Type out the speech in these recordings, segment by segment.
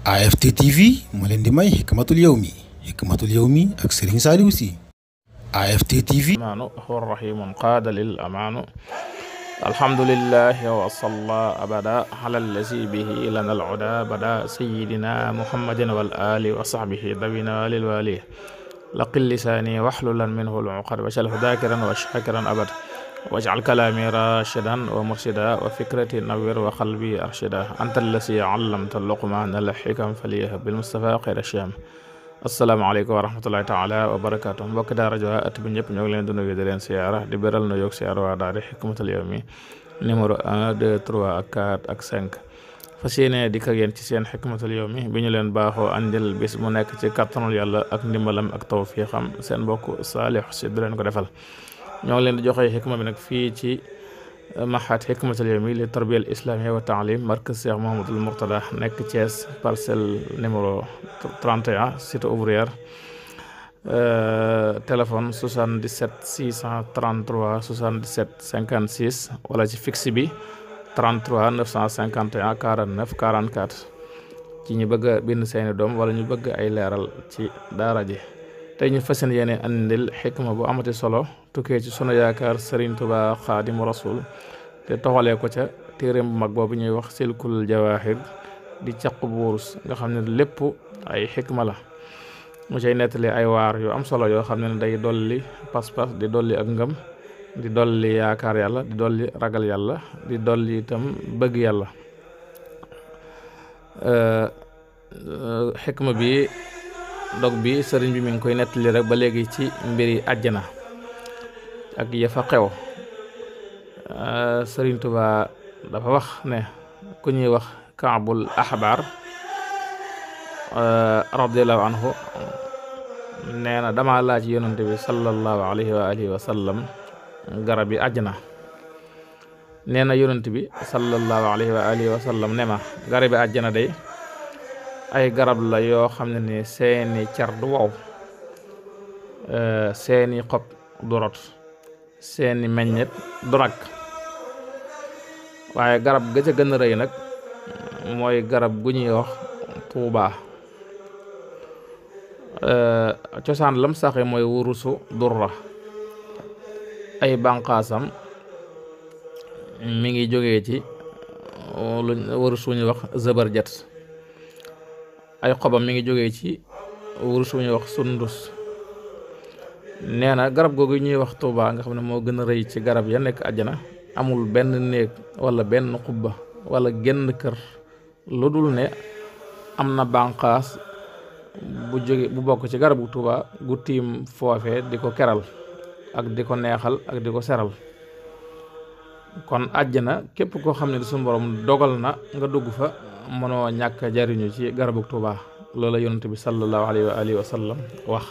AFT TV moo leen di may Hikmatul Yawmi Hikmatul Yawmi ak Serigne Saliou Sy AFT TV lil amaanu alhamdulillahi wa salla abada ala allazi bihi lana al uda bada sayyidina muhammadin wali laqil lisani waxlulan minhu al uqad wa shal hudakiran shakiran abada waj'al kalaami rashidan wa murshida wa fikrati nawwir wa qalbi arshida anta allasi allamta luqmaana al xikam faliyahab bil mustafa xayra sham asalaamaaleykum wa rahmatullahi taala wa barakaatu mbokki daara jo at bi ñëpp ñoo ngi leen di nuyu di leen siyaara di beral nu yoog siyaara waa daara xikmatul yawmi numéro 1 2 3 ak 4 ak 5 fas yéene di ko yéen ci seen xikmatul yawmi bi ñu leen baaxoo andil bis mu nekk ci kattanul yàlla ak ndimbalam ak tawfiixam seen mbokk saalix si leen ko defal ñoo ngi leen di joxe xikma bi nag fii ci euh, maxaat xikmatul yawmi li tarbiyal islamiyya wa taalim markaz Cheikh Mouhamadul Mourtada nekk Thiès parcelle numéro 31 cité ouvrière euh, téléphone 77 633 77 56 wala ci fixe bi 33 951 49 44 ci ñu bëgg a bind seeni doom wala ñu bëgg ay leeral ci daara ji. tey ñu fasen yéene andil xikma bu amati solo tukkee ci sunu yaakaar Sëriñ Tuubaa Xaadimu Rasuul te toxalee ko ca téeréem mu mag boobu ñuy wax silkul jawaahir di caq bu wurus nga xam ne lépp ay xikma la mu cay nettali ay waar yu am solo yoo xam ne day dolli pas-pas di dolli ak ngëm di dolli yaakaar yàlla di dolli ragal yàlla di dolli itam bëgg yàlla xikma bi dog bi sëriñ bi mi ngi koy nettali rek ba léegi ci mbiri àjjana ak ya fa xew euh, sëriñ Tuba dafa wax ne ku ñuy wax kaabul ahbar euh, radiallahu anhu nee na dama laaj yonante bi sallallahu alayhi wa alihi wa sallam garab yi àjjana nee na yonante bi sallallahu alayhi wa alihi wa sallam ne ma garab yi àjjana day ay garab la yoo xam ne ni seeni car du wow eh, seeni xob du rot seeni meññet du nag waaye garab ga ca gën rey nag mooy garab gu ñuy wax tuubaa eh, cosaan lam saxe mooy wurusu durra ay bànqaasam mi ngi jóge ci eh, lu wurusu ñu wax zëbërjët ay xobam mi ngi jóge ci wurus wu ñuy wax ndus nee na garab googu ñuy wax tuubaa nga xam ne moo gën a rëy ci garab ya nekk àjjana amul benn néeg walla benn xubba wala genn kër lu dul ne am na bànqaas bu jóge bu bokk ci garabu tuuba gu tiim foofe di ko keral ak di ko neexal ak di ko seral kon àjjana képp koo xam ne di suñu borom dogal na nga dugg fa mënoo ñàkk a ci garabu Tuuba loola yonent bi sallallahu alayhi wa alihi wa wax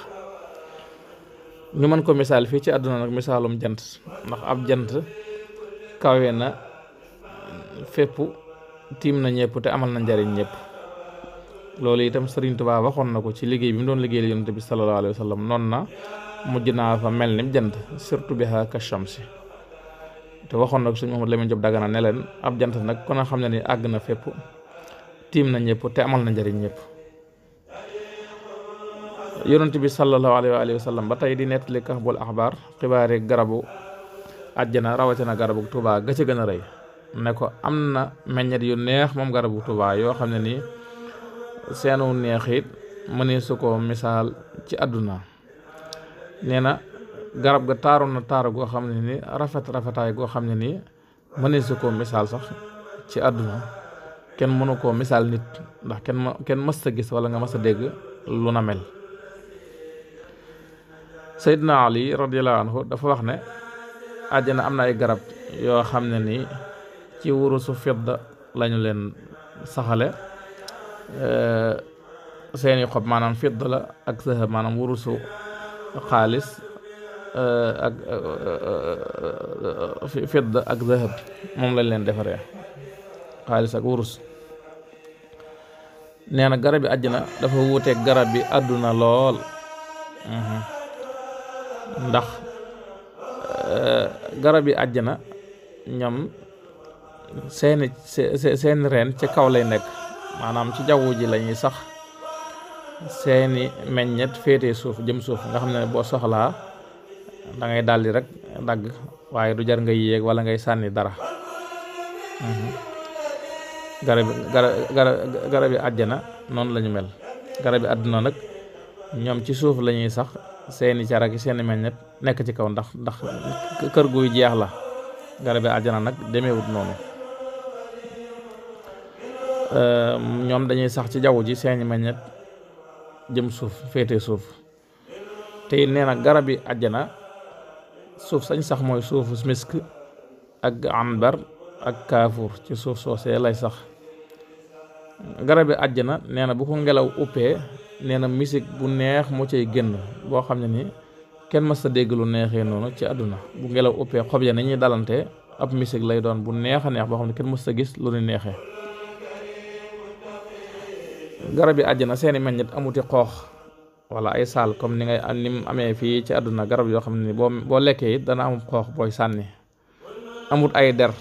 ñu mën ko misaal fii ci àdduna nag misaalum jant ndax ab jant kawe na fépp tiim na ñëpp te amal na njariñ ñëpp loolu itam Sëriñ Tuuba waxoon na ko ci liggéey bi mu doon liggéey yonent bi sallallahu alayhi wa sallam na mujj naa fa mel ni jant surtout bi ka shamsi te waxoon na ko sëñ Mouhamadou Lamine Diop Dagana ne leen ab jant nag kon a xam ne ni àgg na fépp tiim na ñëpp te amal na njëriñ ñëpp yonent bi sallallahu alayhi wa alihi wa sallam ba tey di nettali Kahbul Ahbar xibaari garabu àjjana rawatina garabu Tuubaa ga ci gën a rëy ne ko am na meññet yu neex moom garabu Tuubaa yoo xam ne nii seenu neex it mënee su misaal ci àdduna nee na garab ga taaru na taaru goo xam ne nii rafet rafetaay goo xam ne nii mënee su ko misaal sax ci àdduna kenn mënu koo misaal nit ndax kenn ma kenn mës a gis wala nga mës a dégg lu na mel Seydina Ali radiyallahu anhu dafa wax ne àjjana am na ay garab yoo xam ne nii ci wurusu fidda lañu leen saxale seeni xob maanaam fidda la ak zahab maanaam wurusu xaalis ak fidda ak zahab moom lañ leen defaree xaalis ak wurus nee na garab yi na dafa wuuteeg garab yi àdduna lool mhm. ndax euh, garab yi àjj na ñoom seeni seeni reen ci kaw lay nekk maanaam ci jaww ji lañuy sax seeni meññet féete suuf jëm suuf nga xam ne boo soxlaa da ngay daldi rek dagg waaye du jar nga yéeg wala ngay sànni dara mhm. garabi garabi àjjana noonu lañu ñu mel garabi àdduna nag ñoom ci suuf lañuy sax seeni caraki seeni meññet nekk ci kaw ndax ndax kër guy jeex la garabi àjjana nag demeewut noonu euh, ñoom dañuy sax ci jaww ji seeni meññet jëm suuf féete suuf te nee na garabi àjjana suuf sañ sax mooy suufu misk ak anbar ak kaafuur ci suuf soose lay sax garabi àjjana nee na bu ko ngelaw uppee nee na misik bu neex mu cay génn boo xam ne ni kenn mës a dégg lu neexee noonu ci àdduna bu ngelaw uppee xob ya nañuy dalante ab misik lay doon bu neex a neex boo xam ne kenn mës sa gis lu nu neexee garab yi na seeni meññet amuti xoox wala ay saal comme ni ngay ni mu amee fii ci àdduna garab yoo xam ne boo boo lekkee it dana amut xoox booy sànni amut ay der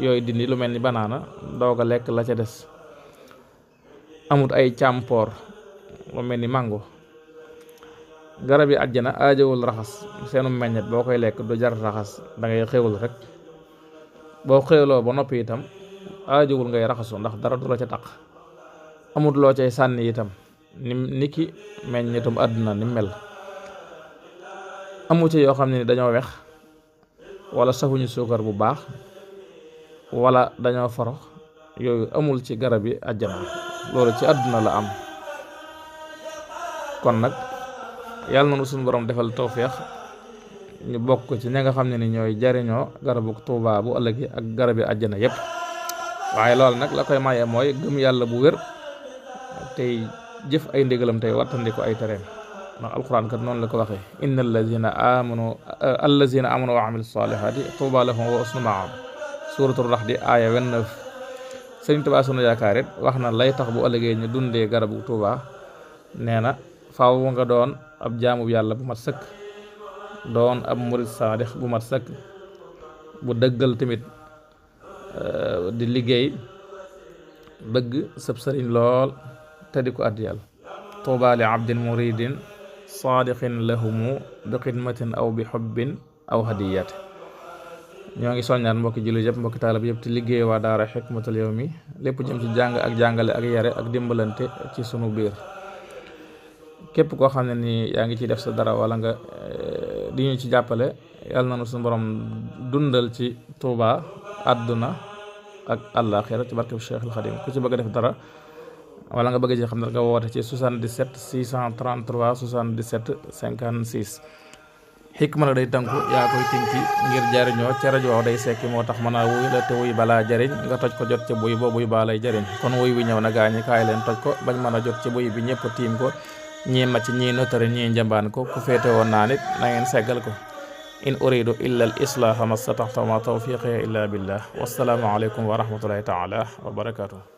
yooyu dindi lu mel ni banaana doog a lekk la ca des amut ay càmpoor lu mel ni màngo garab yi àjjana aajowul raxas seenu meññet boo koy lekk du jar raxas da ngay xewul rek boo xewloo ba noppi itam aajowul ngay raxasu ndax dara du la ca taq amut loo cay sànni itam ni ni ki meññetum àdduna ni mel amu ci yoo xam ne ni dañoo wex wala safuñu suukar bu baax wala dañoo forox yooyu amul ci garab yi àjjana loolu ci àdduna la am kon nag yàlla na nu suñu borom defal tawféex ñu bokk ci ña nga xam ne ni ñooy jariñoo garabu tuuba bu ëllëg ak garabi àjjana yépp waaye loolu nag la koy maye mooy gëm yàlla bu wér tey jëf ay ndigalam tey wattandi ay tereem ndax alquran kat noonu la ko waxee inna allazina amanu allazina amanu wa amilu salihati tuuba lahum wa usnu maab suratul rax di aaya 29 sëriñ Tuubaa sunu yaakaar it wax na lay tax bu ëllëgee ñu dundee garabu Tuubaa nee na faaw nga doon ab jaamu yàlla bu mat sëkk doon ab murid saadix bu mat sëkk bu dëggal tamit euh, di liggéey bëgg sëb sëriñ lool te di ko addiyal tuuba li abdin muridin saadiqin lahumu bi xidmatin aw bi xubbin aw hadiyati ñoo ngi soññaat mbokki jullit yëpp mbokki taalib yëpp te liggéey waa daara Hikmatul mi lépp jëm ci jàng ak jàngale ak yare ak dimbalante ci sunu biir képp koo xam ne nii yaa ngi ciy def sa dara wala nga eh, di ñu ci jàppale yàlla na nu suñu borom dundal ci Tuuba àdduna ak àllaaxira ci barkeb Cheikhul Xadim ku ci bëgg a def dara wala nga bëgg ci xam dara nga woote ci 77 633 77 56 xikma nag day tënku yaa koy tinki ngir jariñoo ca rajo day sekki moo tax mën a wuy la te wuy balaa jariñ nga toj ko jot ca buy ba yu baa lay jariñ kon wuy wi ñëw na gaañi kaay leen toj ko bañ mën a jot ca buy bi ñëpp tiim ko ñii màcc ñii notari ñii njambaan ko ku féete woon naa nit na ngeen seggal ko in uridu illa al islaaha mastataxta ma tawfiqi illa billah wassalaamu aleykum wa rahmatullahi taala wa barakatuh